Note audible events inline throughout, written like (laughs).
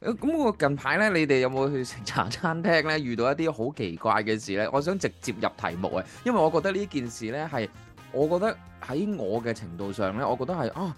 咁我近排咧，你哋有冇去食茶餐廳咧，遇到一啲好奇怪嘅事咧？我想直接入題目啊，因為我覺得呢件事咧係，我覺得喺我嘅程度上咧，我覺得係啊，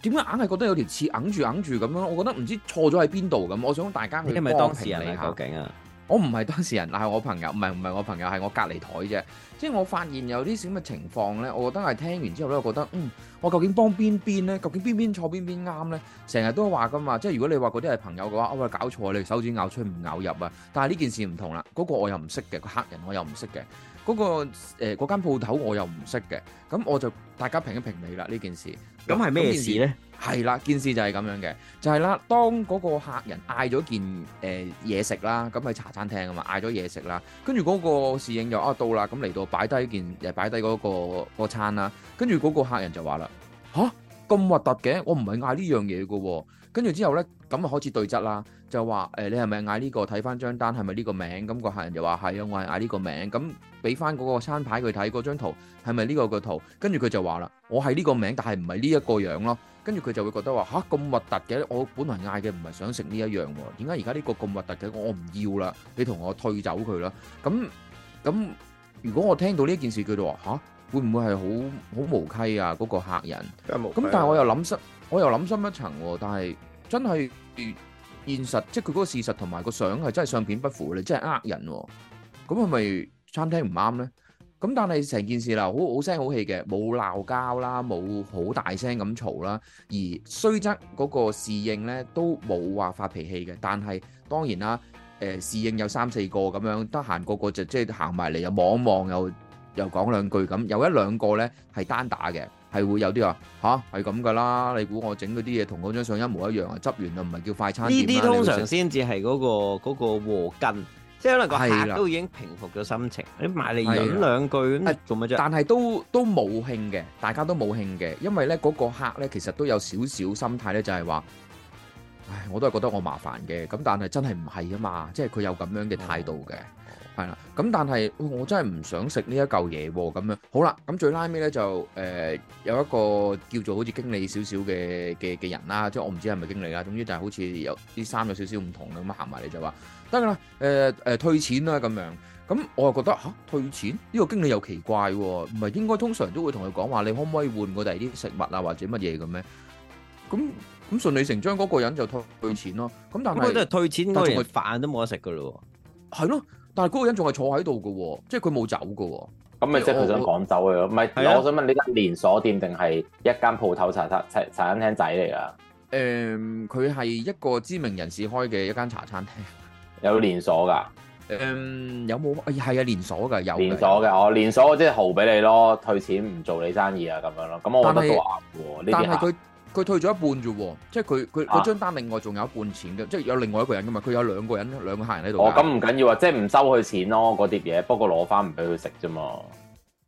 點解硬係覺得有條刺硬住硬住咁樣？我覺得唔知錯咗喺邊度咁。我想大家，你係咪當事人嚟啊？我唔係當事人，但係我朋友，唔係唔係我朋友，係我隔離枱啫。即係我發現有啲咁嘅情況呢？我覺得係聽完之後呢，我覺得嗯，我究竟幫邊邊呢？究竟邊邊錯邊邊啱呢？成日都話㗎嘛，即係如果你話嗰啲係朋友嘅話，我、哦、話搞錯你手指咬出唔咬入啊？但係呢件事唔同啦，嗰、嗰個我又唔識嘅，個客人我又唔識嘅。嗰、那個誒嗰、呃、間鋪頭我又唔識嘅，咁我就大家評一評你啦呢件事。咁係咩事咧？係啦，件事就係咁樣嘅，就係、是、啦。當嗰個客人嗌咗件誒嘢、呃、食啦，咁係茶餐廳啊嘛，嗌咗嘢食啦，跟住嗰個侍應就呃、啊、到啦，咁嚟到擺低件，又擺低嗰個餐啦，跟住嗰個客人就話啦吓，咁核突嘅，我唔係嗌呢樣嘢㗎喎，跟住之後咧咁啊開始對質啦。就話誒、欸，你係咪嗌呢個？睇翻張單係咪呢個名？咁、嗯、個客人就話係啊，我係嗌呢個名。咁俾翻嗰個餐牌佢睇，嗰張圖係咪呢個個圖？跟住佢就話啦，我係呢個名，但係唔係呢一個樣咯。跟住佢就會覺得話吓，咁核突嘅，我本來嗌嘅唔係想食呢一樣喎。點解而家呢個咁核突嘅？我唔要啦，你同我退走佢啦。咁咁，如果我聽到呢件事，佢就話吓、啊，會唔會係好好無稽啊？嗰、嗰個客人咁、啊，但係我又諗深，我又諗深一層喎。但係真係。現實，即係佢嗰個事實同埋個相係真係相片不符，你真係呃人喎、哦。咁係咪餐廳唔啱咧？咁但係成件事啦，好好聲好氣嘅，冇鬧交啦，冇好大聲咁嘈啦。而雖則嗰個侍應咧都冇話發脾氣嘅，但係當然啦，誒、呃、侍應有三四個咁樣得閒，個個就即係行埋嚟又望一望，又又講兩句咁。有一兩個咧係單打嘅。係會有啲話吓，係咁噶啦！你估我整嗰啲嘢同嗰張相一模一樣啊？執完啊，唔係叫快餐店。呢啲通常先至係嗰個和根，即係可能個客都已經平復咗心情。的你埋嚟講兩句做乜啫？的但係都都冇興嘅，大家都冇興嘅，因為咧嗰個客咧其實都有少少心態咧，就係話，唉，我都係覺得我麻煩嘅。咁但係真係唔係啊嘛，即係佢有咁樣嘅態度嘅。嗯係啦，咁但係我真係唔想食呢一嚿嘢喎，咁樣好啦，咁最拉尾咧就誒有一個叫做好似經理少少嘅嘅嘅人啦，即係我唔知係咪經理啦，總之就係好似有啲衫有少少唔同啦，咁行埋嚟就話得啦，誒誒退錢啦咁樣，咁我又覺得嚇退錢呢個經理又奇怪喎，唔係應該通常都會同佢講話，你可唔可以換個第啲食物啊或者乜嘢咁咩？咁咁順理成章嗰個人就退錢咯，咁但係都係退錢但係，但係飯都冇得食噶咯，係咯。但係嗰個人仲係坐喺度嘅，即係佢冇走嘅、哦。咁咪即係佢想趕走佢咯。唔係，我想問呢間連鎖店定係一間鋪頭茶茶茶餐廳仔嚟啊？誒、嗯，佢係一個知名人士開嘅一間茶餐廳， (laughs) 有連鎖噶。誒、嗯，有冇？係、哎、啊，連鎖噶，有連鎖嘅。哦，連鎖即係豪俾你咯，退錢唔做你生意啊，咁樣咯。咁是我覺得都啱喎。但係佢。佢退咗一半啫喎，即係佢佢佢張單另外仲有一半錢嘅，啊、即係有另外一個人噶嘛，佢有兩個人兩個客人喺度。哦，咁唔緊要啊，即係唔收佢錢咯，嗰碟嘢，不過攞翻唔俾佢食啫嘛。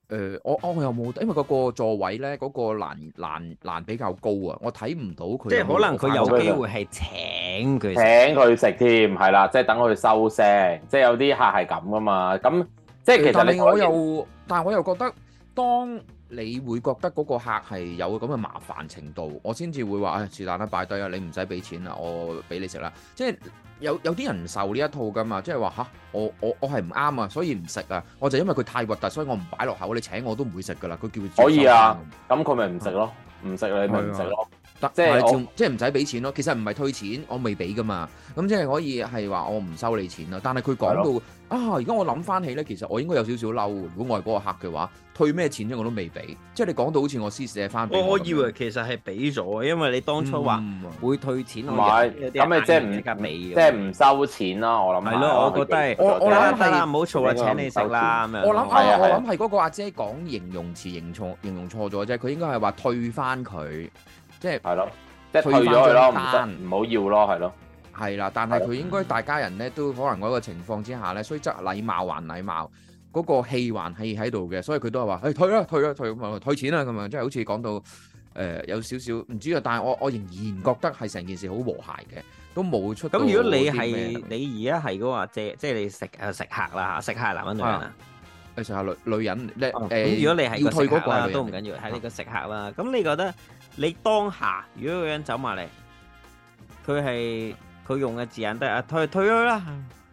誒、呃，我我有冇因為嗰個座位咧，嗰、嗰個欄欄欄，欄比較高啊，我睇唔到佢。即係可能佢有機會係請佢請佢食添，係啦，即係等佢收聲，即係有啲客係咁噶嘛。咁即係其實、欸、我又，但係我又覺得當。你會覺得嗰個客係有咁嘅麻煩程度，我先至會話，哎，是但啦，擺低啦，你唔使俾錢啦，我俾你食啦。即係有有啲人受呢一套㗎嘛，即係話吓，我我我係唔啱啊，所以唔食啊，我就因為佢太核突，所以我唔擺落口。你請我，我都唔會食㗎喇，佢叫他可以啊，咁佢咪唔食咯，唔食你咪唔食咯。得即係我即係唔使俾錢咯。其實唔係退錢，我未俾噶嘛。咁即係可以係話我唔收你錢咯。但係佢講到啊，而家我諗翻起咧，其實我應該有少少嬲。如果我係嗰個客嘅話，退咩錢啫？我都未俾。即係你講到好似我施捨翻。我我以為其實係俾咗，因為你當初話會退錢我。咁，咪即係唔即係唔收錢咯？我諗係咯，我覺得我我諗係唔好嘈啊！請你食啦。我諗係我諗係嗰個阿姐講形容詞認錯形容錯咗啫。佢應該係話退翻佢。即係係咯，即係退咗佢咯，唔得，唔好要咯，係咯，係啦。但係佢應該大家人咧都可能嗰個情況之下咧，雖則禮貌還禮貌，嗰個氣還氣喺度嘅，所以佢都係話誒，退啦，退啦，退，退錢啦，咁樣，即係好似講到誒，有少少唔知啊。但係我我仍然覺得係成件事好和諧嘅，都冇出。咁如果你係你而家係嘅話，即即係你食誒食客啦吓，食客男人女人啊，誒食客女女人咧誒，如果你係要退嗰個都唔緊要，係你個食客啦。咁你覺得？你當下如果有人走埋嚟，佢係佢用嘅字眼都係啊退退咗啦，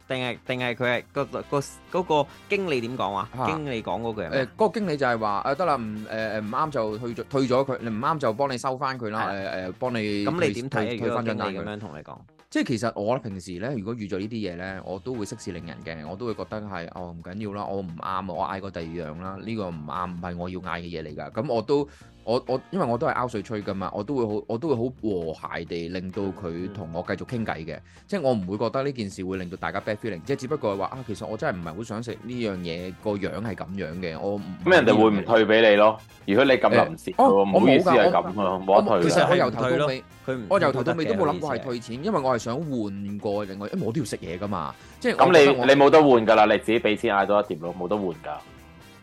定係定係佢係個個嗰個經理點講話？經理講嗰句係誒嗰個經理就係話誒得啦，唔誒誒唔啱就退咗退咗佢，你唔啱就幫你收翻佢啦誒誒，幫你咁你點睇嘅？經理咁樣同你講，即係其實我平時咧，如果遇著呢啲嘢咧，我都會息事寧人嘅，我都會覺得係哦唔緊要啦，我唔啱，我嗌過第二樣啦，呢個唔啱，唔係我要嗌嘅嘢嚟㗎，咁我都。我我因為我都係拗水吹噶嘛，我都會好我都會好和諧地令到佢同我繼續傾偈嘅，即係我唔會覺得呢件事會令到大家 bad feeling，即係只不過係話啊，其實我真係唔係好想食呢樣嘢，個樣係咁樣嘅，我咩人哋會唔退俾你咯？如果你咁又唔蝕嘅喎，唔好意思係咁啊，唔好退。其實我由頭到尾我由頭到尾都冇諗過係退錢，因為我係想換過另外，因為我都要食嘢噶嘛，即係咁你你冇得換㗎啦，你自己俾錢嗌多一碟咯，冇得換㗎。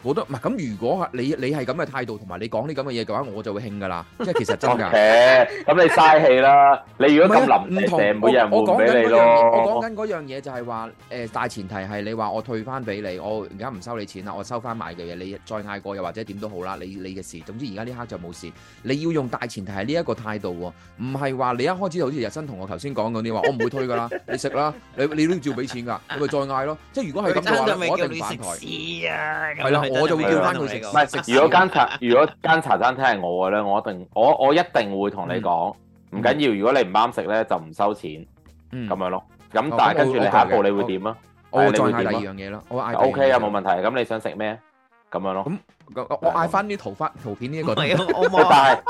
好多唔係咁，如果係你你係咁嘅態度同埋你講啲咁嘅嘢嘅話，我就會興㗎啦。即係其實真㗎。咁 Okay, (laughs) 你嘥氣啦。你如果咁臨時，我講緊嗰樣嘢就係話，誒、呃、大前提係你話我退翻俾你，我而家唔收你錢啦，我收翻買嘅嘢，你再嗌過又或者點都好啦，你你嘅事。總之而家呢刻就冇事。你要用大前提係呢一個態度喎，唔係話你一開始好似日新同我頭先講嗰啲話，我唔會退㗎啦。你食啦，你你都要照俾錢㗎，你咪再嗌咯。即係如果係咁嘅話，我一定反台。係啦。 (laughs) 我就會叫翻佢食。唔係，如果間茶，如果間茶餐廳係我嘅咧，我一定，我我一定會同你講，唔緊要。如果你唔啱食咧，就唔收錢，咁樣咯。咁但係跟住你下一步你會點啊？我會再嗌第二樣嘢咯。我嗌嘅。OK 啊，冇問題。咁你想食咩？咁樣咯。咁我嗌翻啲圖翻圖片呢一個。但係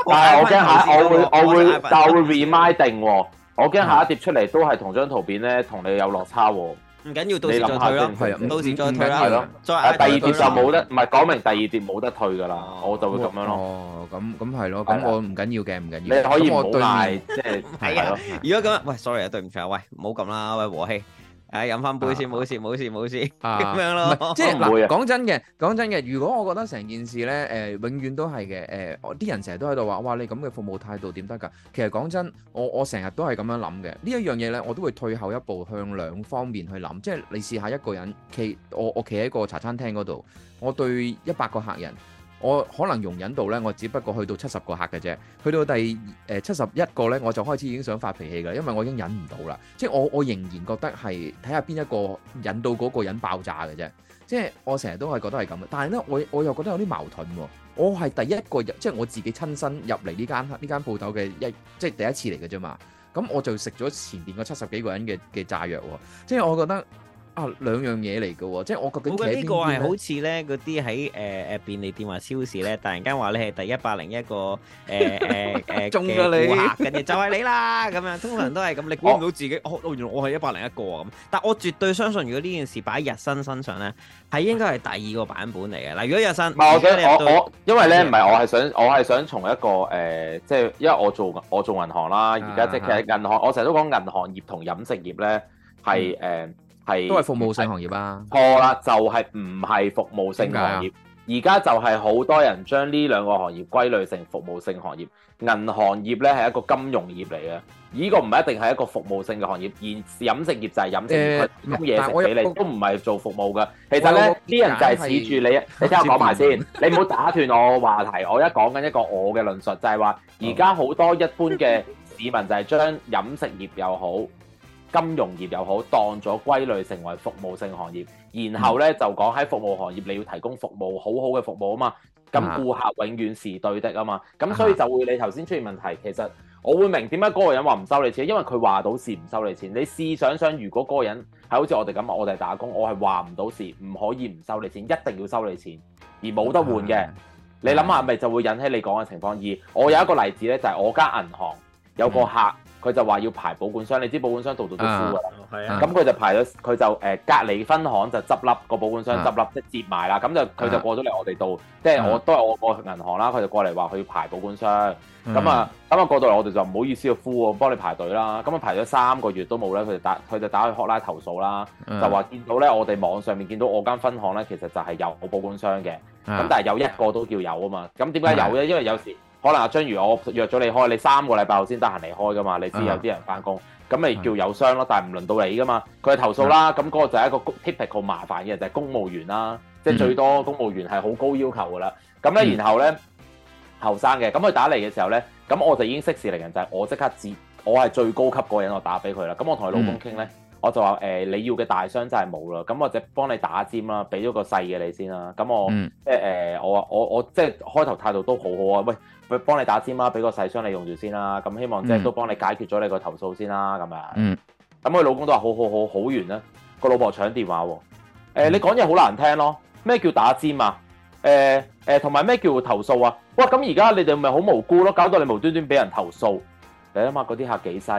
但係我驚下，我會我會，但我會 remind 定喎。我驚下一碟出嚟都係同張圖片咧，同你有落差喎。唔緊要，到時再退啦。唔係，唔知唔係咯。係第二碟就冇得，唔係講明第二碟冇得退噶啦。我就會咁樣咯。咁咁係咯。咁、哦、我唔緊的要嘅，唔緊要。你可以唔好派，即係係咯。如果咁樣，喂，sorry 啊，對唔住啊，喂，唔好咁啦，喂，和氣。唉，飲翻杯先，冇事冇事冇事，咁樣咯。即係，講真嘅，講真嘅，如果我覺得成件事咧，誒、呃，永遠都係嘅，誒、呃，啲人成日都喺度話，哇，你咁嘅服務態度點得㗎？其實講真，我我成日都係咁樣諗嘅。呢一樣嘢咧，我都會退後一步，向兩方面去諗。即係你試下一個人，企我我企喺個茶餐廳嗰度，我對一百個客人。我可能容忍到呢，我只不過去到七十個客嘅啫，去到第誒七十一個呢，我就開始已經想發脾氣㗎啦，因為我已經忍唔到啦。即係我我仍然覺得係睇下邊一個引到嗰個人爆炸嘅啫。即係我成日都係覺得係咁，但係呢，我我又覺得有啲矛盾喎、哦。我係第一個入，即係我自己親身入嚟呢間呢間鋪頭嘅一即係第一次嚟嘅啫嘛。咁我就食咗前邊個七十幾個人嘅嘅炸藥喎、哦。即係我覺得。啊，兩樣嘢嚟嘅，即係我覺得呢個係好似咧，嗰啲喺誒誒便利店或超市咧，突然間話你係第一百零一個誒誒誒中咗你，就係你啦。咁樣通常都係咁，你估唔到自己哦，原來我係一百零一個啊。咁，但我絕對相信，如果呢件事擺喺日新身上咧，係應該係第二個版本嚟嘅。嗱，如果日新，但係我想我我因為咧唔係我係想我係想從一個誒，即係因為我做我做銀行啦，而家即係其實銀行，我成日都講銀行業同飲食業咧係誒。係都係服務性行業啊，錯啦，就係唔係服務性行業。而家就係好多人將呢兩個行業歸類成服務性行業。銀行業呢係一個金融業嚟嘅，呢個唔一定係一個服務性嘅行業。而飲食業就係飲食業，供嘢食俾你，都唔係做服務㗎。其實呢啲人就係恃住你，你聽我講埋先，你唔好打斷我話題。我而家講緊一個我嘅論述，就係話而家好多一般嘅市民就係將飲食業又好。金融業又好，當咗歸類成為服務性行業，然後呢就講喺服務行業，你要提供服務，好好嘅服務啊嘛。咁顧客永遠是對的啊嘛。咁所以就會你頭先出現問題，其實我會明點解嗰個人話唔收你錢，因為佢話到事唔收你錢。你試想想，如果嗰個人係好似我哋咁，我哋打工，我係話唔到事，唔可以唔收你錢，一定要收你錢，而冇得換嘅。你諗下，咪就會引起你講嘅情況。而我有一個例子呢，就係我間銀行有個客。佢就話要排保管箱，你知保管箱度度都呼㗎啦，咁佢、uh, 就排咗，佢就誒、呃、隔離分行就執笠個保管箱執笠即接埋啦，咁就佢就過咗嚟我哋度，uh, 即係我都係我個銀行啦，佢就過嚟話佢要排保管箱，咁啊、uh,，咁啊過到嚟我哋就唔好意思要敷喎，幫你排隊啦，咁啊排咗三個月都冇咧，佢就打佢就打去 hotline 投訴啦，uh, 就話見到咧我哋網上面見到我間分行咧其實就係有保管箱嘅，咁、uh, 但係有一個都叫有啊嘛，咁點解有咧？因為有時。可能阿章魚我約咗你開，你三個禮拜後先得閒離開噶嘛？你知有啲人翻工，咁咪、uh huh. 叫有傷咯。但係唔輪到你噶嘛，佢投訴啦。咁嗰、uh huh. 個就係一個 typical 麻煩嘅就係、是、公務員啦。即、就、係、是、最多公務員係好高要求噶啦。咁咧，uh huh. 然後咧後生嘅，咁佢打嚟嘅時候咧，咁我就已經息事寧人，就係、是、我即刻接，我係最高級嗰個人，我打俾佢啦。咁我同佢老公傾咧。Uh huh. 我就話誒、呃，你要嘅大箱就係冇啦，咁我就幫你打尖啦，俾咗個細嘅你先啦、啊。咁我即係誒，我我我即係開頭態度都好好啊。喂，幫你打尖啦，俾個細箱你用住先啦、啊。咁希望即係都幫你解決咗你個投訴先啦。咁啊，咁佢、嗯、老公都話好好好好完啦。個老婆搶電話喎、啊欸。你講嘢好難聽咯。咩叫打尖啊？誒、欸、誒，同埋咩叫投訴啊？哇！咁而家你哋咪好無辜咯，搞到你無端端俾人投訴。你諗下嗰啲客幾犀，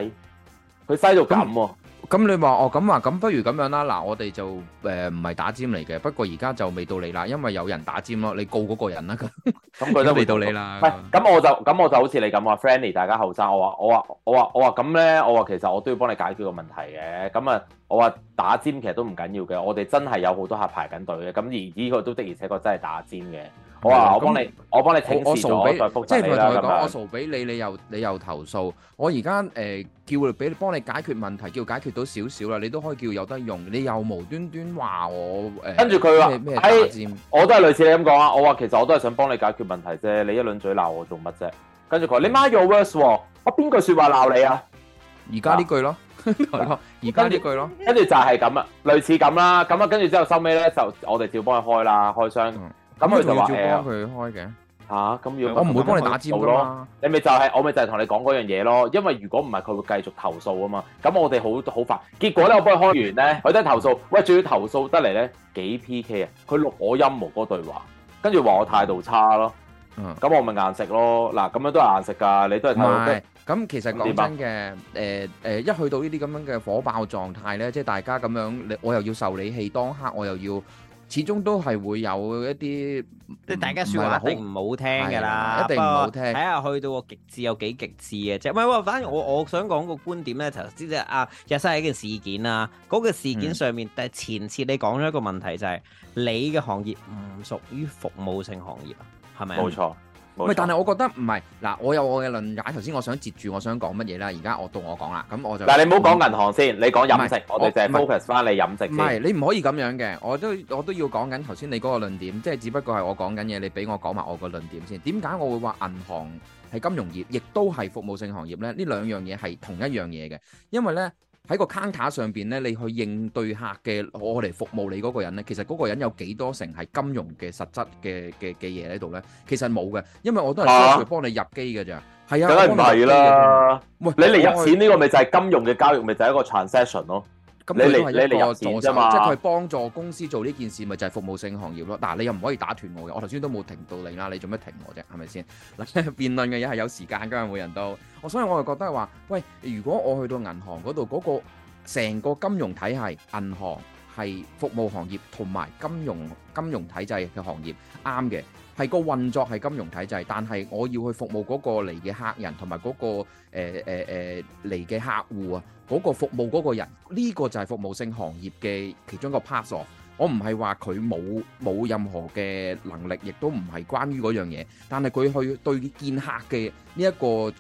佢犀到咁喎、啊。咁、嗯、你話，哦咁啊，咁不如咁樣啦嗱，我哋就誒唔係打尖嚟嘅，不過而家就未到你啦，因為有人打尖咯，你告嗰個人啦咁，咁佢都未到你啦。喂、嗯，咁我就咁 (laughs) 我，我就好似你咁啊，friendly 大家後生，我話我話我話我話咁咧，我話其實我都要幫你解決個問題嘅，咁啊我話打尖其實都唔緊要嘅，我哋真係有好多客排緊隊嘅，咁而呢個都的而且確真係打尖嘅。我咁你我幫你，我熟俾，即係同佢講，我熟俾你，你又你又投訴。我而家誒叫俾幫你解決問題，叫解決到少少啦，你都可以叫有得用。你又無端端話我誒，跟住佢話咩我都係類似咁講啊！我話其實我都係想幫你解決問題啫，你一輪嘴鬧我做乜啫？跟住佢話，你媽又 worse 喎，我邊句說話鬧你啊？而家呢句咯，而家呢句咯，跟住就係咁啊，類似咁啦。咁啊，跟住之後收尾咧，就我哋照幫佢開啦，開箱。咁佢就話要幫佢開嘅吓，咁要我唔會幫你打尖咯，你咪就係我咪就係同你講嗰樣嘢咯，因為如果唔係佢會繼續投訴啊嘛，咁我哋好好煩，結果咧我幫佢開完咧，佢都投訴，喂，仲要投訴得嚟咧幾 PK 啊，佢錄我音冇嗰對話，跟住話我態度差咯，咁我咪硬食咯，嗱，咁樣都係硬食噶，你都係態度唔係，咁其實講真嘅，誒誒，一去到呢啲咁樣嘅火爆狀態咧，即係大家咁樣，我又要受你氣，當刻我又要。始終都係會有一啲，即係大家説話好唔好聽㗎啦。一定唔好聽。睇下去到個極致有幾極致嘅啫。唔係，反而我我想講個觀點咧，就即係啊，日新係件事件啊，嗰、那個事件上面，但係、嗯、前次你講咗一個問題就係、是，你嘅行業唔屬於服務性行業啊，係咪？冇錯。唔沒但係我覺得唔係，嗱，我有我嘅論解。頭先我想截住，我想講乜嘢啦？而家我到我講啦，咁我就，嗱，你唔好講銀行先，你講飲食，是我哋淨係 focus 翻你飲食先是。唔係是，你唔可以咁樣嘅，我都我都要講緊頭先你嗰個論點，即係只不過係我講緊嘢，你俾我講埋我個論點先。點解我會話銀行係金融業，亦都係服務性行業咧？呢兩樣嘢係同一樣嘢嘅，因為咧。喺個 counter 上邊咧，你去應對客嘅我嚟服務你嗰個人咧，其實嗰個人有幾多成係金融嘅實質嘅嘅嘅嘢喺度咧？其實冇嘅，因為我都係純粹幫你入機嘅咋，係啊，梗係唔係啦。喂，你嚟入錢呢個咪就係金融嘅交易，咪喂就係、就是、一個 transaction 咯。咁佢都係一個助手，即係佢幫助公司做呢件事，咪就係、是、服務性行業咯。嗱，你又唔可以打斷我嘅，我頭先都冇停到你啦，你做咩停我啫？係咪先？嗱， (laughs) 辯論嘅嘢係有時間㗎，每人都，我所以我就覺得話，喂，如果我去到銀行嗰度，嗰、那個成個金融體系，銀行係服務行業同埋金融金融體制嘅行業，啱嘅。係個運作係金融體制，但係我要去服務嗰個嚟嘅客人，同埋嗰個誒誒嚟嘅客戶啊，嗰、嗰個服務嗰個人，呢、呢個就係服務性行業嘅其中一個 part。我唔係話佢冇冇任何嘅能力，亦都唔係關於嗰樣嘢，但係佢去對見客嘅呢一個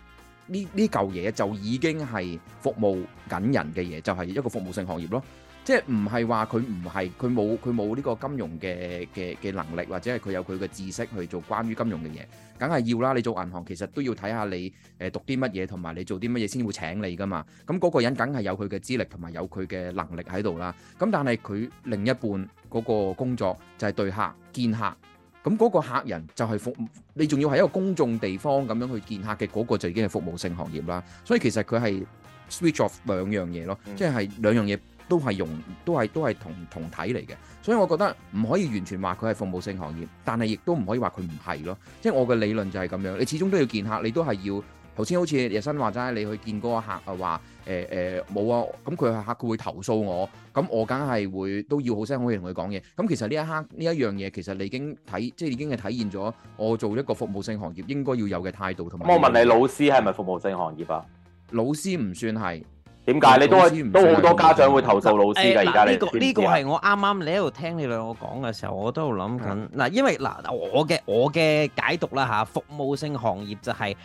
呢呢嚿嘢，呢個、就已經係服務緊人嘅嘢，就係、係、一個服務性行業咯。即係唔係話佢唔係佢冇佢冇呢個金融嘅嘅嘅能力，或者係佢有佢嘅知識去做關於金融嘅嘢，梗係要啦。你做銀行其實都要睇下你誒讀啲乜嘢，同埋你做啲乜嘢先會請你噶嘛。咁嗰個人梗係有佢嘅資歷同埋有佢嘅能力喺度啦。咁但係佢另一半嗰個工作就係對客見客。咁嗰個客人就係服，你仲要喺一個公眾地方咁樣去見客嘅嗰個就已經係服務性行業啦。所以其實佢係 switch off 兩樣嘢咯，即係兩樣嘢。都係用，都係都係同同體嚟嘅，所以我覺得唔可以完全話佢係服務性行業，但係亦都唔可以話佢唔係咯。即係我嘅理論就係咁樣，你始終都要見客，你都係要頭先好似日新話齋，你去見嗰個客，呃呃、啊，話誒誒冇啊，咁佢係客，佢會投訴我，咁我梗係會都要好聲好氣同佢講嘢。咁其實呢一刻呢一樣嘢，其實你已經體，即係已經係體現咗我做一個服務性行業應該要有嘅態度同埋。我問你，老師係咪服務性行業啊？老師唔算係。點解？你都係都好多家長會投訴老師噶，而家呢？呢、呃呃，這個呢個係我啱啱你喺度聽你兩個講嘅時候，我都喺度諗緊嗱。嗯、因為嗱我嘅我嘅解讀啦吓，服務性行業就係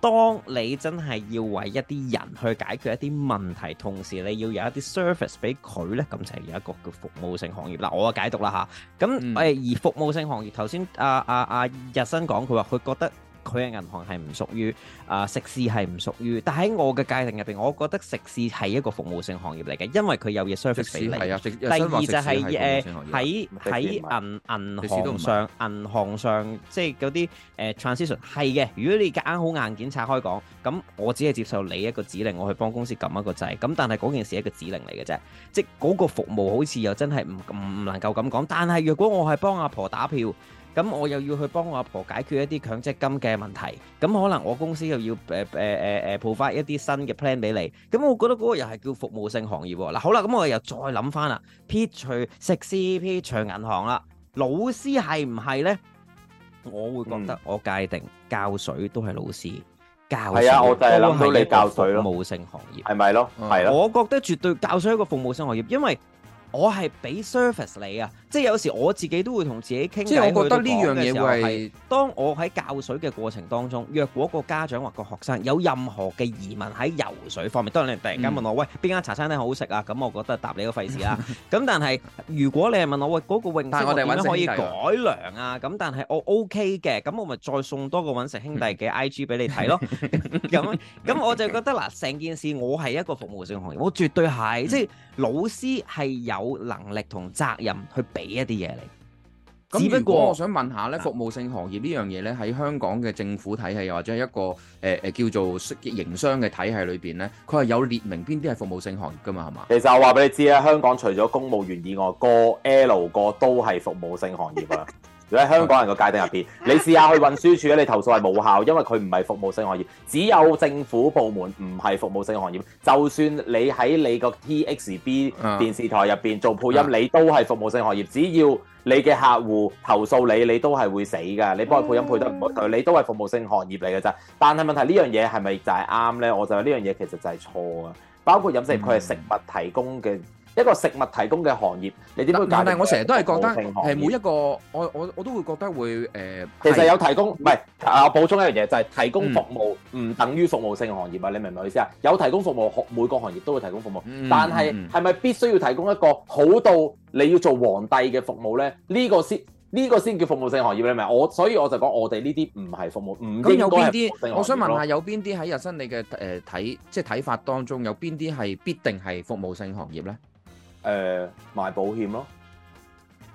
當你真係要為一啲人去解決一啲問題，同時你要有一啲 service 俾佢咧，咁先係有一個叫服務性行業。嗱，我嘅解讀啦吓，咁誒而服務性行業頭先阿阿阿日新講佢話佢覺得。佢嘅銀行係唔屬於，啊、呃、食肆係唔屬於，但喺我嘅界定入邊，我覺得食肆係一個服務性行業嚟嘅，因為佢有嘢 service 俾你。食肆係啊，食食肆係服務性行業。第二就係誒喺喺銀銀行上銀行上，即係嗰啲誒 transaction 係嘅。如果你夾硬好硬件拆開講，咁我只係接受你一個指令，我去幫公司撳一個掣。咁但係嗰件事一個指令嚟嘅啫，即係嗰個服務好似又真係唔唔能夠咁講。但係若果我係幫阿婆打票。咁我又要去幫我阿婆解決一啲強積金嘅問題，咁可能我公司又要誒誒誒誒 provide 一啲新嘅 plan 俾你，咁我覺得嗰個又係叫服務性行業。嗱，好啦，咁我又再諗翻啦，撇除食肆、撇除銀行啦，老師係唔係咧？我會覺得我界定教水都係老師教。係啊，我就係諗到你教水咯，服務性行業係咪咯？係咯，我覺得絕對教水係一個服務性行業，因為我係俾 service 你啊。即係有時我自己都會同自己傾，即係我覺得呢樣嘢會係當我喺教水嘅過程當中，若果個家長或個學生有任何嘅疑問喺游水方面，當你突然間問我喂，邊間茶餐廳好食啊，咁我覺得答你個廢事啦。咁但係如果你係問我喂，嗰個泳池我哋可以改良啊，咁但係我 OK 嘅，咁我咪再送多個搵食兄弟嘅 IG 俾你睇咯。咁咁我就覺得嗱，成件事我係一個服務性行業，我絕對係即係老師係有能力同責任去俾。俾一啲嘢你。咁不過我想問下咧，服務性行業呢樣嘢咧，喺香港嘅政府體系又或者係一個誒誒、呃、叫做營商嘅體系裏邊咧，佢係有列明邊啲係服務性行業噶嘛？係嘛？其實我話俾你知咧，香港除咗公務員以外，個 L 個都係服務性行業啊。 (laughs) 喺香港人個界定入邊，你試下去運輸署咧，你投訴係無效，因為佢唔係服務性行業。只有政府部門唔係服務性行業。就算你喺你個 TXB 電視台入邊做配音，啊、你都係服務性行業。只要你嘅客戶投訴你，你都係會死㗎。你幫佢配音配得唔好，佢你都係服務性行業嚟㗎咋。但係問題，呢樣嘢係咪就係啱呢？我就話，呢樣嘢其實就係錯啊。包括飲食，佢係食物提供嘅。一個食物提供嘅行業，你點樣解？但我成日都係覺得係每一個，我我我都會覺得會誒。呃、其實有提供唔係啊！我補充一樣嘢，就係、是、提供服務唔等於服務性行業啊！嗯、你明唔明我意思啊？有提供服務，每個行業都會提供服務，嗯、但係係咪必須要提供一個好到你要做皇帝嘅服務咧？呢、這個先呢、這個先叫服務性行業，你明？我所以我就講，我哋呢啲唔係服務，唔應該係服務性行業。我想問,問下，有邊啲喺日新你嘅誒睇即係睇法當中有邊啲係必定係服務性行業呢？誒賣保險咯，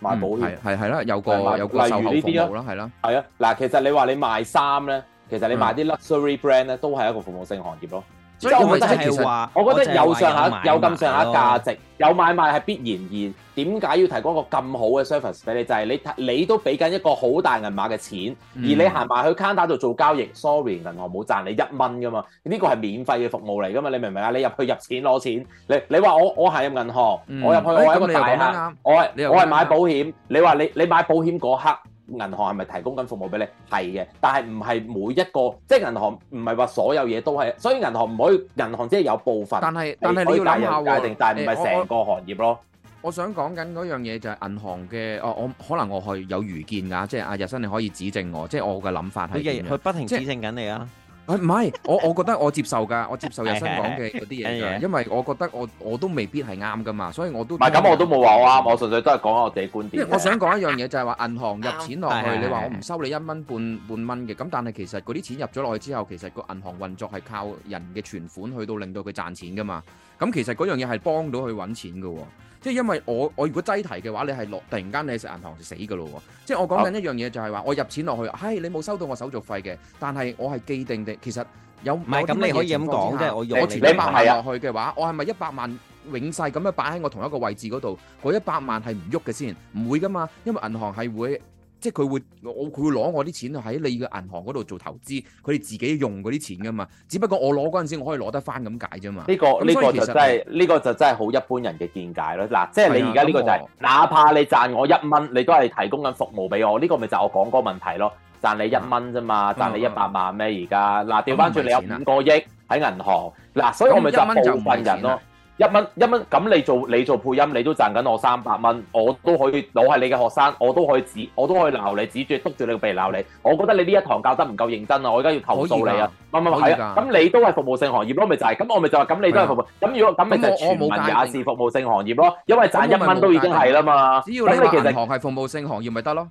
賣保險係係啦，有個有售後服務，例如呢啲咯，係啦，係啊，嗱，其實你話你賣衫咧，其實你賣啲 luxury brand 咧，都係一個服務性行業咯。所以我覺得其實,我覺得有上下有咁上下價值，吧有買賣係必然而點解要提供一個咁好嘅 service 俾你？就係、是、你你都俾緊一個好大銀碼嘅錢，而你行埋去 card 打度做交易。Sorry，銀行冇賺你一蚊噶嘛？呢個係免費嘅服務嚟噶嘛？你明唔明啊？你入去入錢攞錢，你你話我我行入銀行，我入去、嗯、我係一個大客我係我係買保險。你話你你買保險嗰刻？銀行係咪提供緊服務俾你？係嘅，但係唔係每一個，即係銀行唔係話所有嘢都係，所以銀行唔可以，銀行即係有部分。但係是是但係你要諗下，下但係唔係成個行業咯。我想講緊嗰樣嘢就係銀行嘅，哦，我，我可能我係有愚見㗎，即係阿日新你可以指正我，即係我嘅諗法係點樣？佢不停指正緊是你啊！唔係， (laughs) 我我覺得我接受噶，我接受日新講嘅嗰啲嘢嘅， (laughs) 因為我覺得我我都未必係啱噶嘛，所以我都唔係咁，是我都冇話我啱， (laughs) 我純粹都係講下我自己觀點。 (laughs) 我想講一樣嘢就係、是、話銀行入錢落去， (laughs) 你話我唔收你一蚊半半蚊嘅，咁但係其實嗰啲錢入咗落去之後，其實個銀行運作係靠人嘅存款去到令到佢賺錢噶嘛，咁其實嗰樣嘢係幫到佢揾錢嘅、哦。即係因為我我如果擠提嘅話，你係落突然間你食銀行就死噶咯喎！即係我講緊一樣嘢就係話，我入錢落去，唉、哎，你冇收到我手續費嘅，但係我係既定的，其實有唔係咁你可以咁講嘅，我存一百萬落去嘅話，對我係咪一百萬永世咁樣擺喺我同一個位置嗰度？嗰一百萬係唔喐嘅先，唔會噶嘛，因為銀行係會。即係佢會，會我佢會攞我啲錢喺你嘅銀行嗰度做投資，佢哋自己用嗰啲錢噶嘛。只不過我攞嗰陣時，我可以攞得翻咁解啫嘛。呢、這個呢、嗯、個就真係呢你 個就真係好一般人嘅見解咯。嗱，即係你而家呢個就係、是，哎、呀哪怕你賺我一蚊，你都係提供緊服務俾我。呢、這個咪就係我講個問題咯。賺你一蚊啫嘛，賺、嗯、你一百萬咩？而家嗱，調翻轉你有五個億喺銀行嗱，所以我咪一蚊就唔係錢咯。1 1一蚊一蚊咁，你做你做配音，你都賺緊我三百蚊，我都可以，攞。我係你嘅學生，我都可以指，我都可以鬧你，指住督住你個鼻鬧你。我覺得你呢一堂教得唔夠認真啊！我而家要投訴你啊！唔唔唔，咁是你都係服務性行業咯，咪就係、是、咁，我咪就話咁，你都係服務。咁的、嗯、如果咁咪就全民也是服務性行業咯，因為賺一蚊都已經係啦嘛。只要你銀行係服務性行業，咪得咯。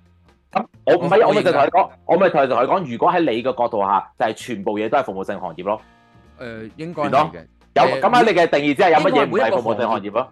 咁我唔係，我咪就同你講，我咪同同你講，如果喺你嘅角度下，就係全部嘢都係服務性行業咯。誒，應該嘅。咁喺你嘅定義之下，有乜嘢唔係服務性行業啊？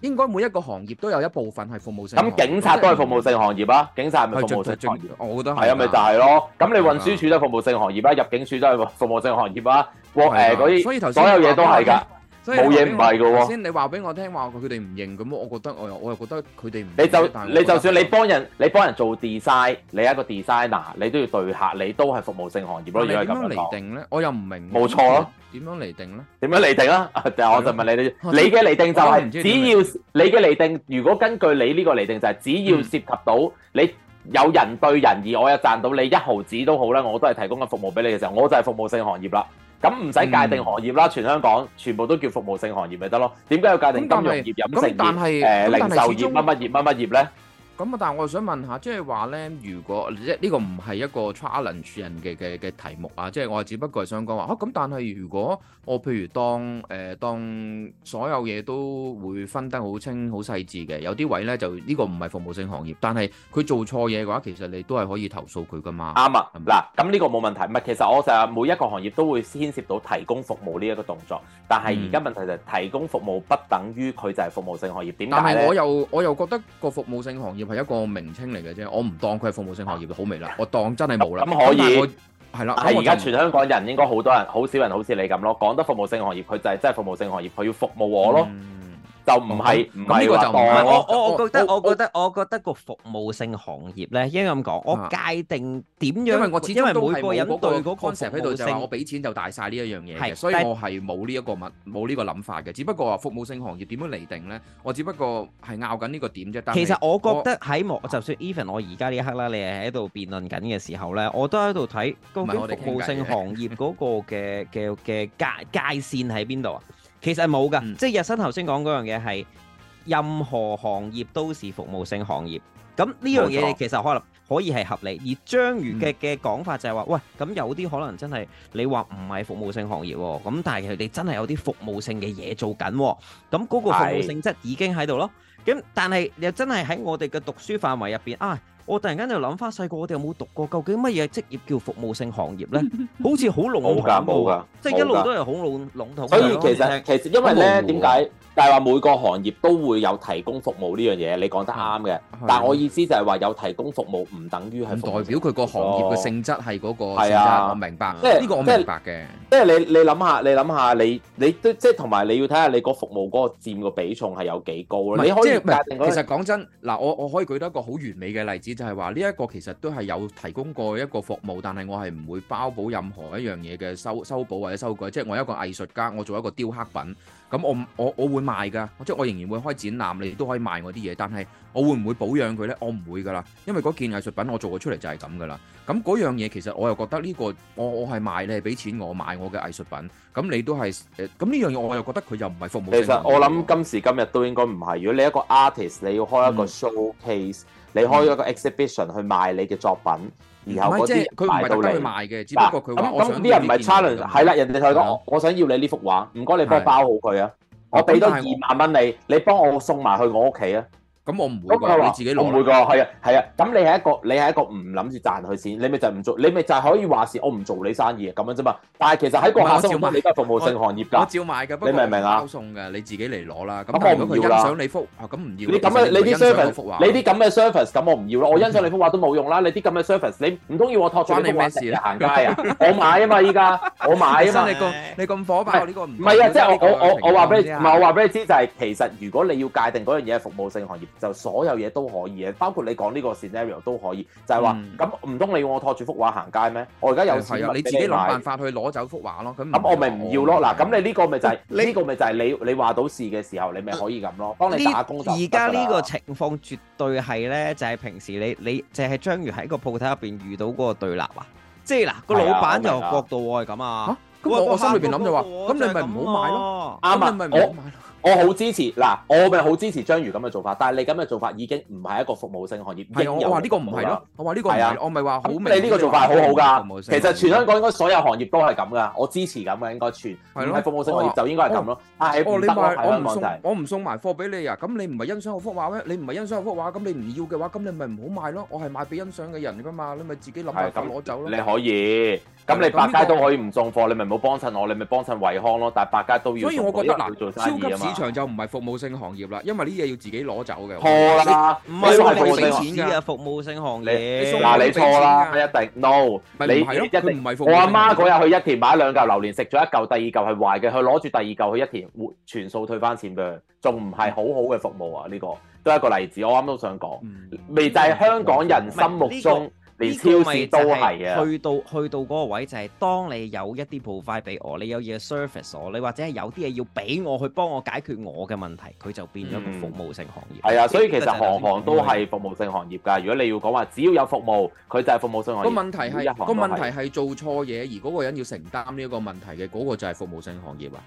應該每一個行業都有一部分係服務性行業。咁、嗯、警察都係服務性行業啊！警察係咪服務性行業，我覺得係啊，咪就係、是、咯。咁的你運輸處都係服務性行業啊？的入境處都係服務性行業啊？我誒嗰啲所有嘢都係㗎。啊啊啊冇嘢唔係㗎喎，先你話俾我聽話佢哋唔認咁，我覺得我又我又覺得佢哋唔你就你就算你幫人你幫人做 design，你一個 designer，你都要對客，你都係服務性行業咯。你樣如果係咁嚟定咧，我又唔明。冇錯咯，點樣嚟定咧？點樣嚟定啦？但係 (laughs) 我就問你，了你嘅嚟定就係只要你嘅嚟定，如果根據你呢個嚟定就係只要涉及到你有人對人而我又賺到你一毫子都好啦。我都係提供個服務俾你嘅時候，我就係服務性行業啦。咁唔使界定行業啦，嗯、全香港全部都叫服務性行業咪得咯？點解要界定金融業、是飲食業、誒零售業，什麼什麼業，什麼業、乜乜業、乜乜業呢？咁啊，但係我想問下，即係話咧，如果即呢個唔係一個 challenge 人嘅嘅嘅題目啊，即係我只不過係想講話啊。咁但係如果我譬如當誒、呃、當所有嘢都會分得好清好細緻嘅，有啲位咧就呢個唔係服務性行業，但係佢做錯嘢嘅話，其實你都係可以投訴佢㗎嘛。啱啊了，嗱，咁呢個冇問題。唔係，其實我成日每一個行業都會牽涉到提供服務呢一個動作，但係而家問題就係提供服務不等於佢就係服務性行業，點解咧？但係我又我又覺得個服務性行業。又係一個名稱嚟嘅啫，我唔當佢係服務性行業好未啦，我當真係冇啦。咁可以係啦，我而家全香港人應該好多人，好少人好似你咁咯，講得服務性行業，佢就係真係、嗯嗯嗯、服務性行業，佢要服務我咯。嗯就唔係，呢個就唔係我我我覺得我覺得我覺得個服務性行業呢，應該咁講，我界定點樣？因為我只因為每個人嗰個 concept 我俾錢就大晒呢一樣嘢，所以我係冇呢一個冇呢個諗法嘅。只不過啊，服務性行業點樣嚟定呢？我只不過係拗緊呢個點啫。但其實我覺得喺我就算 even 我而家呢一刻啦，你係喺度辯論緊嘅時候呢，我都喺度睇嗰個服務性行業嗰個嘅嘅嘅界界線喺邊度啊？其實冇噶，嗯、即係日新頭先講嗰樣嘢係任何行業都是服務性行業，咁呢樣嘢其實可能可以係合理。而章魚嘅嘅講法就係話，嗯、喂，咁有啲可能真係你話唔係服務性行業喎、哦，咁但係佢哋真係有啲服務性嘅嘢做緊、哦，咁嗰個服務性質已經喺度咯。咁是但係又真係喺我哋嘅讀書範圍入邊啊。哎我突然間就諗翻細個，我哋有冇讀過？究竟乜嘢職業叫服務性行業呢？ (laughs) 好似好籠統，冇噶，即係一路都係好籠籠統。的所以，所以其實，其實因為呢點解？但係話每個行業都會有提供服務呢樣嘢，你講得啱嘅。的但係我意思就係話有提供服務唔等於係代表佢個行業嘅性質係嗰個。係啊的，我明白。即係呢個我明白嘅。即係你你諗下，你諗、就是、下你你都即係同埋你要睇下你個服務嗰個佔個比重係有幾高咧。是你可以其實講真嗱，我我可以舉得一個好完美嘅例子，就係話呢一個其實都係有提供過一個服務，但係我係唔會包保任何一樣嘢嘅修修補或者修改。即、就、係、是、我一個藝術家，我做一個雕刻品。咁我我我會賣㗎，即係我仍然會開展覽，你哋都可以賣我啲嘢，但係我會唔會保養佢呢？我唔會㗎啦，因為嗰件藝術品我做過出嚟就係咁㗎啦。咁嗰樣嘢其實我又覺得呢個我我係買你俾錢我買我嘅藝術品。咁你都係誒咁呢樣嘢，我又覺得佢又唔係服務。其實我諗今時今日都應該唔係。如果你一個 artist，你要開一個 showcase，你開一個 exhibition 去賣你嘅作品，然後嗰啲賣到去賣嘅。只不過佢咁咁啲人唔係 challenge。係啦，人哋同你講，我想要你呢幅畫，唔該你幫我包好佢啊。我俾多二萬蚊你，你幫我送埋去我屋企啊。咁我唔會話你自己攞，唔會㗎，係啊係啊。咁你係一個你係一個唔諗住賺佢錢，你咪就唔做，你咪就係可以話事，我唔做你生意咁樣啫嘛。但係其實喺個客心中，你係服務性行業㗎。我照買㗎，你明唔明啊？收送嘅你自己嚟攞啦。咁我唔要啦。欣賞你幅，咁唔要。你咁嘅你啲 service，你啲咁嘅 service，咁我唔要啦。我欣賞你幅畫都冇用啦。你啲咁嘅 service，你唔中意我託咗你咩事啊？行街啊！我買啊嘛依家，我買啊嘛。你咁你咁火爆呢個唔係啊！即係我我我我話俾你唔係我話俾你知就係其實如果你要界定嗰樣嘢係服務性行業，就所有嘢都可以嘅，包括你講呢個 scenario 都可以，就係話咁唔通你要我托住幅畫行街咩？我而家有事啊，你自己諗辦法去攞走幅畫咯。咁咁我咪唔要咯。嗱，咁你呢個咪就係呢個咪就係你你話到事嘅時候，你咪可以咁咯。幫你打工，而家呢個情況絕對係咧，就係平時你你淨係章魚喺個鋪頭入邊遇到嗰個對立啊，即係嗱個老闆就角度喎係咁啊。咁我心裏邊諗就話，咁你咪唔好買咯。啱你咪唔好買咯。我好支持嗱，我咪好支持章魚咁嘅做法，但係你咁嘅做法已經唔係一個服務性行業，我話呢個唔係咯，我話呢個係呀，我咪話好。你呢個做法係好好㗎，其實全香港應該所有行業都係咁㗎，我支持咁嘅，應該全係服務性行業就應該係咁咯，但唔得我唔送埋貨俾你啊，咁你唔係欣賞我幅畫咩？你唔係欣賞我幅畫，咁你唔要嘅話，咁你咪唔好賣咯。我係賣俾欣賞嘅人㗎嘛，你咪自己諗辦法攞走咯。你可以，咁你百佳都可以唔送貨，你咪唔好幫襯我，你咪幫襯惠康咯。但係百佳都要送貨，所以我覺得，做生意啊嘛。 (music) 市場就唔係服務性行業啦，因為呢嘢要自己攞走嘅。錯啦，唔係我哋唔俾錢嘅服務性行業。嗱，你錯啦，你錯你一定。no，是你一定唔係服務性。我阿媽嗰日去一田買兩嚿榴蓮，食咗一嚿，第二嚿係壞嘅，佢攞住第二嚿去一田，全數退翻錢嘅，仲唔係好好嘅服務啊？呢、這個都係一個例子，我啱都想講，未、嗯嗯、就係香港人心目中。呢個咪係去到去到嗰個位，就係當你有一啲 provide 俾我，你有嘢 service 我，你或者係有啲嘢要俾我去幫我解決我嘅問題，佢就變咗個服務性行業。係啊、嗯，所以就、就係、其實行行都係服務性行業㗎。如果你要講話，只要有服務，佢就係服務性行業。個問題係，個問題係做錯嘢，而嗰個人要承擔呢一個問題嘅，嗰、嗰個就係服務性行業啊。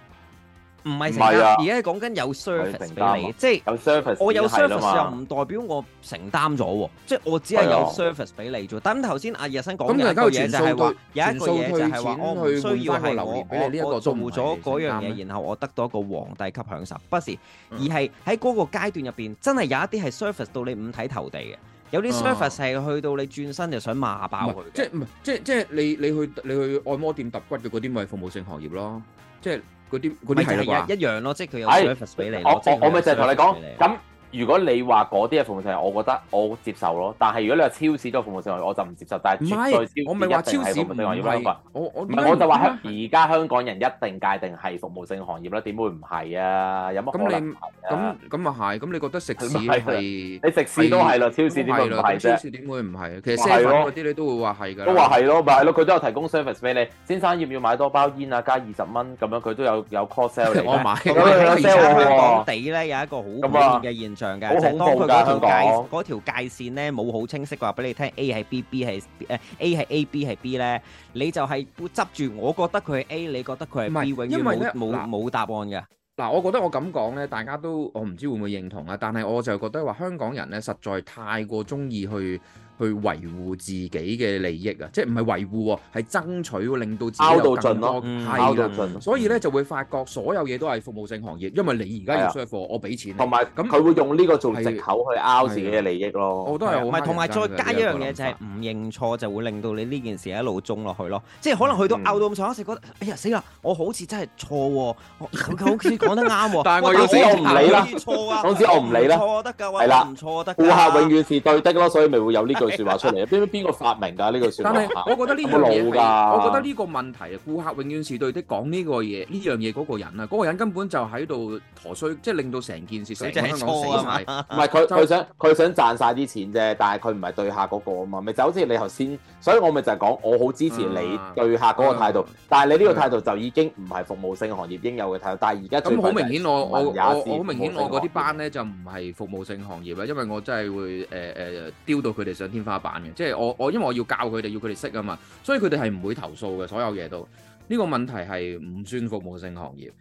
唔係承擔，而家講緊有 service 俾你，即係我有 service 又唔代表我承擔咗喎，即係我只係有 service 俾你啫。等頭先阿葉生講嘅嘢就係話，有一個嘢就係話，我唔需要我我做咗嗰樣嘢，然後我得到一個皇帝級享受，不是，而係喺嗰個階段入邊，真係有一啲係 service 到你五體投地嘅，有啲 service 係去到你轉身就想罵爆佢。即係唔係？即即係你你去你去按摩店揼骨嘅嗰啲咪服務性行業咯，即係。嗰啲嗰啲係啦啩，一樣咯，即係佢有 reverse 俾你，的有你我我咪就係同你講咁。如果你話嗰啲嘅服務性，我覺得我接受咯。但係如果你話超市都係服務性，我就唔接受。但係絕對超市一定係服務性行業，我我我就話而家香港人一定界定係服務性行業啦。點會唔係啊？有乜可能？咁你咁咁啊係。咁你覺得食肆係你食肆都係啦，超市點會唔係啫？超市點會唔係？其實 service 嗰啲你都會話係㗎，都話係咯，咪係咯。佢都有提供 service 俾你。先生要唔要買多包煙啊？加二十蚊咁樣，佢都有有 call sale 嚟嘅。我買。我哋喺當地咧有一個好普遍嘅現象。嘅，即係當佢嗰條界嗰港條界線咧冇好清晰嘅話，俾你聽，A 係 B，B 係誒 A 係 A，B 係 B 咧，你就係執住，我覺得佢係 A，你覺得佢係 B，係是？永遠 因為冇冇答案嘅。嗱、啊，我覺得我咁講咧，大家都我唔知會唔會認同啊。但係我就覺得話香港人咧，實在太過中意去。去維護自己嘅利益啊！即係唔係維護喎，係爭取喎，令到自己有更多係咯。所以咧就會發覺所有嘢都係服務性行業，因為你而家要出貨，我俾錢。同埋咁，佢會用呢個做借口去拗自己嘅利益咯。我都係，同埋同埋再加一樣嘢就係唔認錯，就會令到你呢件事一路中落去咯。即係可能去到拗到咁曬，我成覺得哎呀死啦！我好似真係錯喎，我好似講得啱喎。但係我打死我唔理啦，當時我唔理啦，錯得㗎，係啦，唔錯得。顧客永遠是對的咯，所以咪會有呢句。説話出嚟啊！邊邊個發明㗎呢句説話？但係我覺得呢個嘢，我覺得呢個問題啊，顧客永遠是對的。講呢個嘢，呢樣嘢嗰個人啊，嗰、那個人根本就喺度陀衰，即、就、係、是、令到成件事整死整錯啊！唔係佢佢想佢想賺晒啲錢啫，但係佢唔係對客嗰個啊嘛，咪就好似你頭先，所以我咪就係講，我好支持你對客嗰個態度，嗯、但係你呢個態度就已經唔係服務性行業應有嘅態度。但係而家咁好明顯，我我我好明顯，我嗰啲班咧就唔係服務性行業啦，因為我真係會誒誒丟到佢哋想天花板嘅，即係我我，因為我要教佢哋，要佢哋識㗎嘛，所以佢哋係唔會投訴嘅，所有嘢都呢個問題係唔算服務性行業，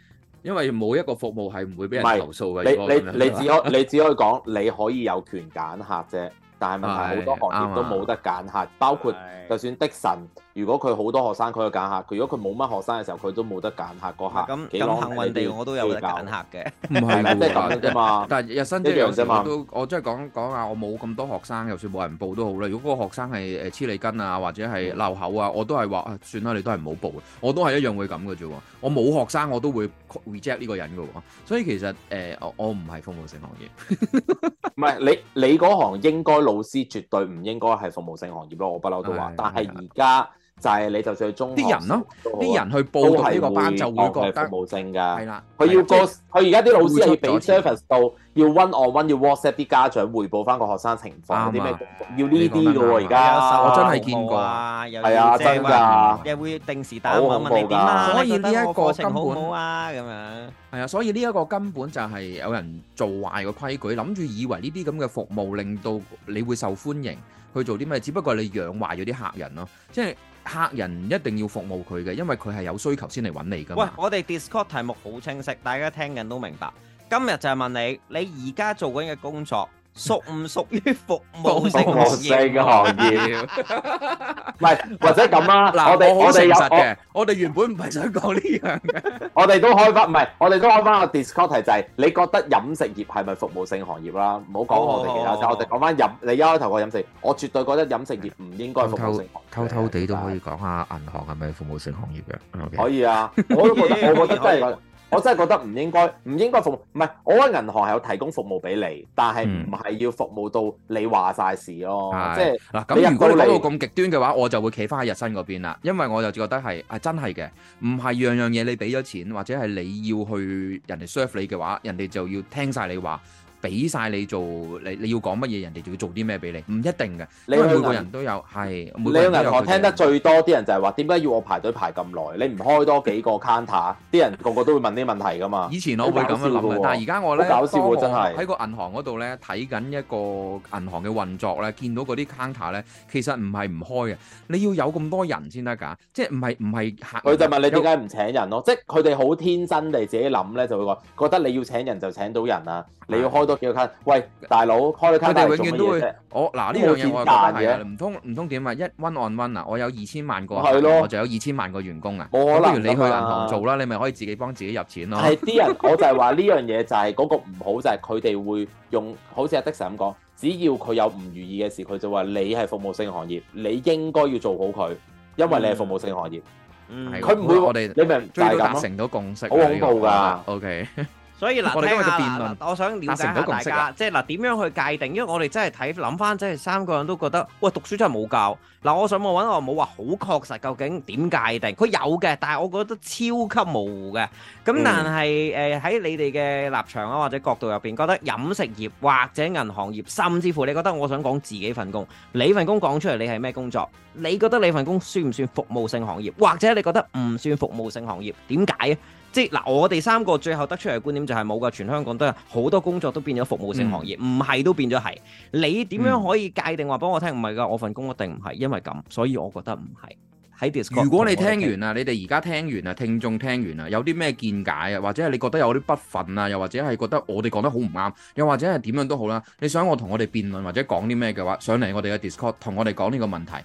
因為冇一個服務係唔會俾人投訴嘅是。你你你只可你只可以講 (laughs) 你，你可以有權揀客啫，但係問題好多行業都冇得揀客，對包括就算的神對。如果佢好多學生，佢就揀客；佢如果佢冇乜學生嘅時候，佢都冇得揀客嗰客。咁咁幸運地，我都有得揀客嘅。唔係，即係揀啫嘛。但係日新即係有我都我即係講講下，我冇咁多學生，又算冇人報都好啦。如果個學生係誒黐脷根啊，或者係漏口啊，我都係話誒算啦，你都係唔好報。我都係一樣會咁嘅啫喎。我冇學生，我都會 reject 呢個人嘅喎。所以其實誒、呃，我唔係服務性行業，唔 (laughs) 係你你嗰行應該老師絕對唔應該係服務性行業咯。我不嬲都話， (laughs) 但係而家。 (laughs) 就係你，就最中啲人咯，啲人去報讀呢個班就會覺得係啦。佢要個佢而家啲老師要俾 service 到，要 one on one，要 WhatsApp 啲家長匯報翻個學生情況，啲咩要呢啲嘅喎？而家我真係見過，係啊，真㗎，會定時打電話問你點啊？所以呢一個根本，係啊，所以呢一個根本就係有人做壞個規矩，諗住以為呢啲咁嘅服務令到你會受歡迎去做啲咩？只不過你養壞咗啲客人咯，即係。客人一定要服務佢嘅，因為佢係有需求先嚟揾你㗎。喂，我哋 Discord 題目好清晰，大家聽緊都明白。今日就係問你，你而家做緊嘅工作。屬唔屬於服務的服務性嘅行業？唔係，或者咁啦，我哋我哋有，我哋原本唔係想講呢樣嘅，我哋都開翻，唔係我哋都開翻個 discussion 就係，你覺得飲食業係咪服務性行業啦？唔好講我哋其他，oh. 我哋講翻飲。你一開頭講飲食業，我絕對覺得飲食業唔應該服務性行業。偷偷哋都可以講下，銀行係咪服務性行業嘅？可以啊，我都覺得好冇得計。 (laughs) (laughs) (laughs) 我真係覺得唔應該，唔應該服務，唔係我覺得銀行係有提供服務俾你，但係唔係要服務到你話晒事咯。的即係是嗱，咁如果你講到咁極端嘅話，我就會企翻喺日新嗰邊啦，因為我就覺得係，係真係嘅，唔係樣樣嘢你俾咗錢或者係你要去人哋 serve 你嘅話，人哋就要聽晒你話。俾晒你做，你你要講乜嘢，人哋就要做啲咩俾你，唔一定嘅。你每個人都有，係去。每個你喺銀行聽得最多啲人就係話，點解要我排隊排咁耐？你唔開多幾個 counter，啲 (laughs) 人個個都會問啲問題㗎嘛。以前我會咁樣諗啦， (laughs) 但係而家我咧，喺 (laughs) 個銀行嗰度咧睇緊一個銀行嘅運作咧，見到嗰啲 counter 咧，其實唔係唔開嘅，你要有咁多人先得㗎，即係唔係唔係客。佢就問你點解唔請人咯？有即係佢哋好天真地自己諗咧，就會話覺得你要請人就請到人啊， (laughs) 你要開多。喂，大佬，佢哋永遠都會我嗱呢樣嘢，我係唔通唔通點啊？one on one 啊！我有二千萬個，我仲有二千萬個員工啊！冇可能，不如你去銀行做啦，你咪可以自己幫自己入錢咯。係啲人，我就係話呢樣嘢就係嗰個唔好，就係佢哋會用，好似阿迪生咁講，只要佢有唔如意嘅事，佢就話你係服務性行業，你應該要做好佢，因為你係服務性行業。佢唔會我哋你咪達成到共識，好恐怖噶。OK。所以嗱，睇下，個辯論我想了解下大家，即係嗱，點樣去界定？因為我哋真係睇諗翻，真係三個人都覺得，喂，讀書真係冇教。嗱，我上網搵，我冇話好確實，究竟點界定？佢有嘅，但係我覺得超級模糊嘅。咁但係，誒喺、嗯呃、你哋嘅立場啊或者角度入邊，覺得飲食業或者銀行業，甚至乎你覺得，我想講自己份工，你份工講出嚟，你係咩工作？你覺得你份工算唔算服務性行業？或者你覺得唔算服務性行業？點解啊？即嗱，我哋三個最後得出嚟嘅觀點就係冇㗎，全香港都有好多工作都變咗服務性行業，唔係、嗯、都變咗係。你點樣可以界定話俾我聽唔係㗎？我份工一定唔係，因為咁，所以我覺得唔係喺 Discord。如果你聽完啦，你哋而家聽完啦，聽眾聽完啦，有啲咩見解啊，或者係你覺得有啲不忿啊，又或者係覺得我哋講得好唔啱，又或者係點樣都好啦，你想我同我哋辯論或者講啲咩嘅話，上嚟我哋嘅 Discord 同我哋講呢個問題。